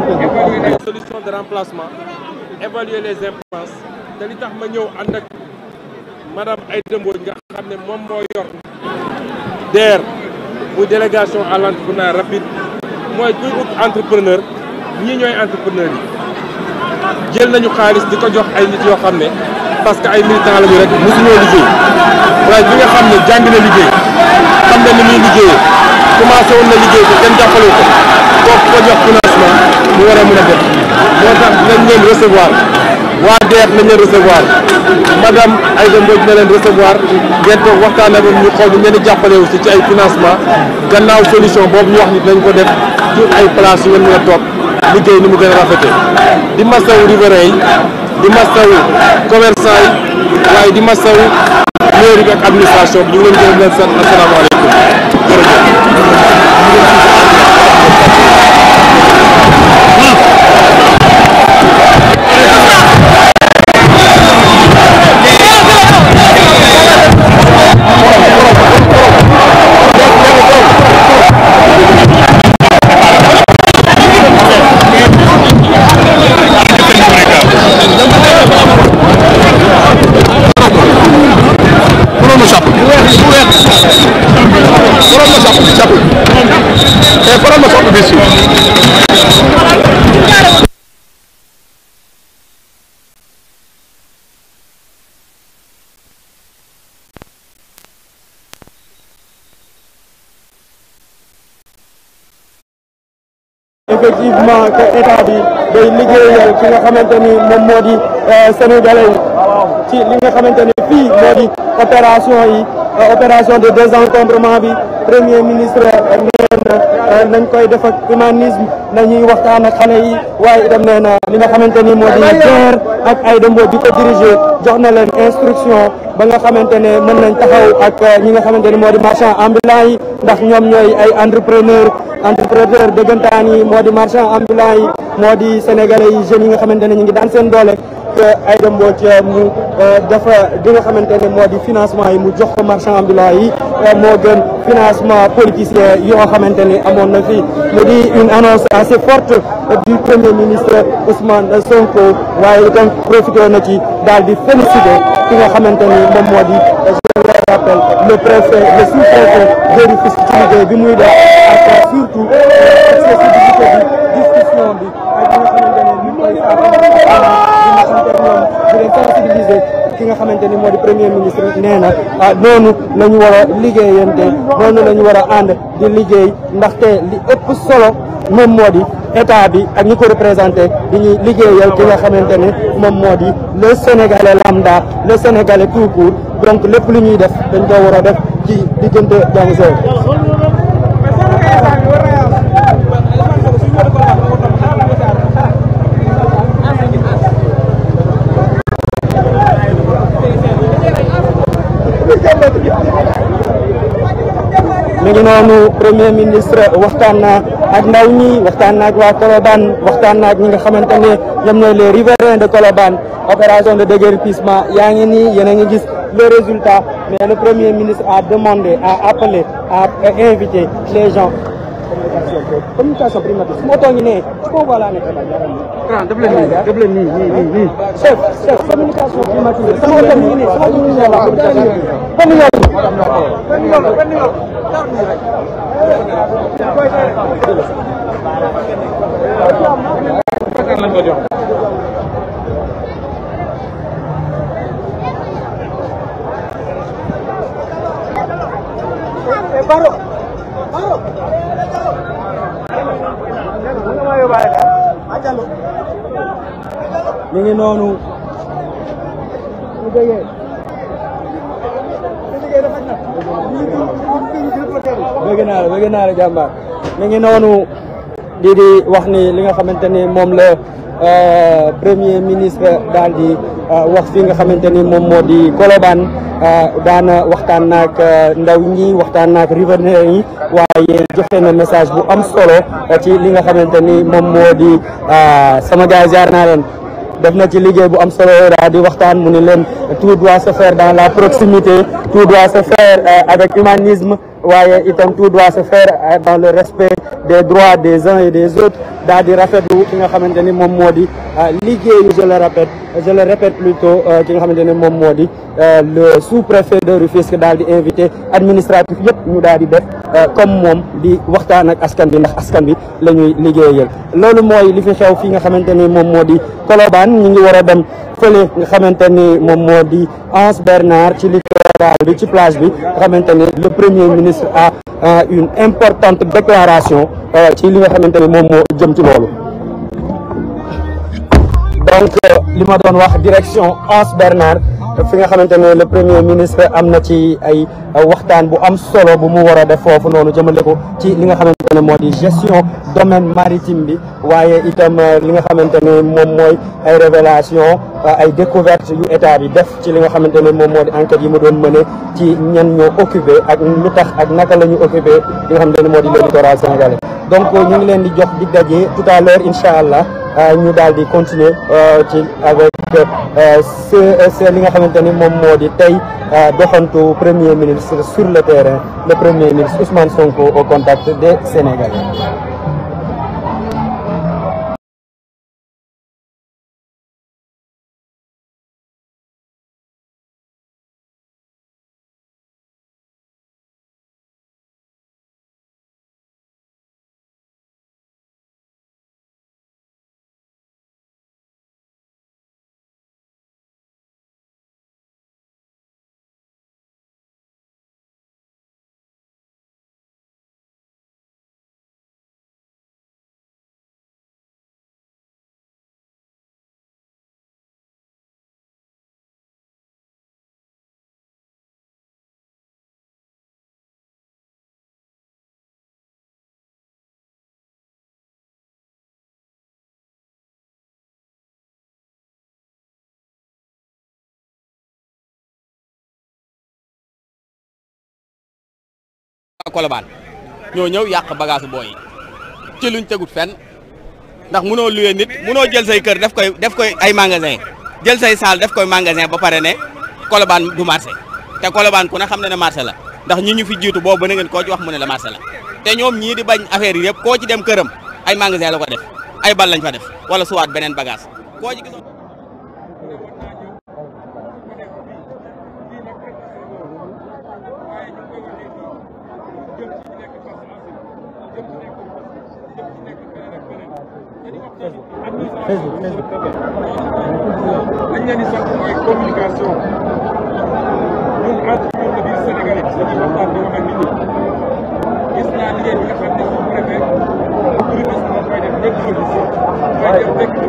évaluer les solutions de remplacement évaluer les impasses te li tax ma ñëw ànd ak madame ay Mbodj nga xam ne moom moo yor DER muy délégation à l'entrepreneuriat rapide mooy kuy ut entrepreneur ñii ñooy entrepreneur yi jël nañu xaalis di ko jox ay nit yoo xam ne parce que ay militant la ñu rek mosuñoo liggéey waaye bi nga xam ne jàng na liggéey xam na ni muy liggéeyee commencé woon na liggéey ko kenn jàppale ko ko jox ku na lu war a mën a def moo tax nañ leen recevoir waa DER nañ leen recevoir madame Aïda Mbodj na leen recevoir ngeen toog waxtaan ak ñu xool ñu leen di jàppale aussi ci ay financement gannaaw solution boobu ñu wax ni nañ ko def ci ay place yu ngeen mën a liggéey ni mu gën a rafetee di masawu riverain yi di masawu commerçant yi waaye di masawu mairie bi ak administration bi ñu ngi leen gërëm leen sant asalaamaaleykum jërëjëf effectivement que état bi day liggéeyal ki nga xamante euh, ci li nga xamante ni fii moo yi euh, opération de désencombrement bi premier ministre euh, nee nañ euh, koy def ak humanisme nañuy waxtaan ak xale yi waaye itam nee na li nga xamante ni moo di DER ak ay Mbodj di ko diriger jox na leen instruction ba nga xamante ne mën nañ taxaw ak euh, ñi nga xamante ni moo di marchand ambulant yi ndax ñoom ñooy ay entrepreneur entrepreneur dëggantaan yi moo di marchand ambulant yi moo di sénégal yi jeunes yi nga xamante ne ñu ngi daan seen doole ay eh, Aïda Mbodj eh, mu eh, dafa di nga xamante ne moo di financement yi mu jox ko marchand ambulant yi moo gën financement politicien yoo xamante ne amoon na fi mu di une annonce assez forte du premier ministre Ousmane Sonko waaye itam profité na ci daal di féliciter ki nga xamante ni moom moo di je le le préfet le sous-préfet jëri fis ci liggéey bi muy def ak surtout euh, accessibilité bi discussion bi ak nga xamante ne ñu koy sensibiliser ki nga xamante ni moo di premier ministre nee na ah, noonu la ñu war a liggéeyante noonu la ñu war a ànd di liggéey ndaxte li ëpp solo moom moo di état bi ak ñu ko représenté bi ñuy liggéeyal ki nga xamante ne moom moo di le sénégalais lambda le sénégalais tout court donc lépp lu ñuy def dañ ko war a def ci diggante jàng mi ngi noonu premier ministre waxtaan na ak ndaw ñi waxtaan na ak waa Colobane waxtaan na ak ñi nga xamante ne ñoom ñooy les riverains de Colobane opération de déguerpissement yaa ngi nii yéen a ngi gis le résultat mais le premier ministre a demandé à appelé à invité les gens communication boobu communication primature su ma toog ñu ne foofu laa nekk daal dara nii. ah daf leen nii daf leen nii nii nii nii. chef chef communication primature sama oto mi ngi ne sama oto mi ngi ne waaw dara nii benn yoon. benn yoon benn yoon dara nii rek. lañ ko jox. Baro. mi ngi noonu bëgg naa la bëgg mi ngi noonu di di wax ni li nga xamante ni moom la euh, premier ministre daal di euh, wax fi nga xamante ni moom moo di Colobane euh, daana waxtaan naak ndaw ñi waxtaan naak riverains yi waaye joxe na message bu am solo ci li nga xamante ni moom moo di sama gaay naa leen def na ci liggéey bu am solo di waxtaan mu ni leen tout doit se faire dans la proximité tout doit se faire euh, avec humanisme waaye itam tout doit se faire euh, dans le respect des droits des uns et des autres daal di rafetlu ki nga xamante ni moom moo di euh, liggéeyu je le répète je le répète plutôt euh, ki nga xamante ni moom moo di euh, le sous-préfet de Rufisque daal di invité administratif yëpp ñu daal di def comme moom di waxtaan ak askan bi ndax askan bi la ñuy liggéeyal loolu mooy li fi xew fii nga xamante ni moom moo di Colobane ñu ngi war a dem fële nga xamante ni moom moo di Anse Bernard ci li général bi ci plage bi nga xamante ne le premier ministre a une importante déclaration euh, ci li nga xamante ne moom moo jëm ci loolu donc euh, li ma doon wax direction fi nga xamante ne le premier ministre am na ci ay waxtaan bu am solo bu mu war a def foofu noonu jëmale ko ci li nga xamante ne moo di gestion domaine maritime bi waaye itam euh, li nga xamante ne moom mooy ay révélation euh, ay découverte yu état bi def ci li nga xamante ne moom moo di enquête yi mu doon mëne ci ñan ñoo occupé ak lu tax ak naka la ñu occupé li nga xamante ne moo di le littoral donc ñu ngi leen di jox di daje tout à l'heure incha allah euh, ñu daal di continuer ci avec Euh, euh, c'est li nga xamante ni moom moo di tey euh, doxantu premier ministre sur le terrain le premier ministre Ousmane Sonko au contact des Sénégalais. Colobane ñoo ñëw yàq bagage booy yi ci luñ tegut fenn ndax munoo luye nit munoo jël say kër def koy def koy ay magasin jël say saal def koy magasin ba pare ne Colobane du marché te Colobane ku ne xam ne ne marché la ndax ñi ñu fi jiitu boobu ba na ngeen koo ci wax mu ne la marché la te ñoom ñii di bañ affaire yi yëpp koo ci dem këram ay magasin la ko def ay bal lañ fa def wala suwaat beneen bagage Facebook Facebook. li ñu leen di sant mooy communication ñun entreprise de biir Sénégal di wax ak nit ñi gis naa liggéey bi nga xam ne suñu préfet bu tourisme moom fay def si fay def dëkk bi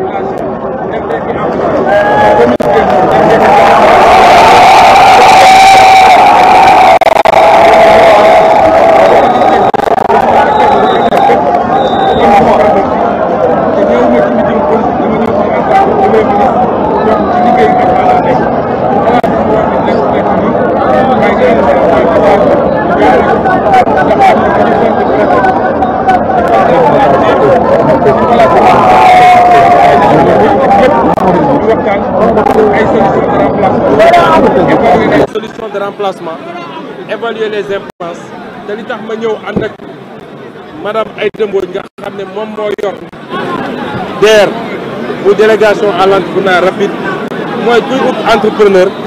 solution de remplacement évaluer les nga xam ne moom moo yor DER bu délégation à l'entrepreneuriat rapide mooy kuy ut entrepreneur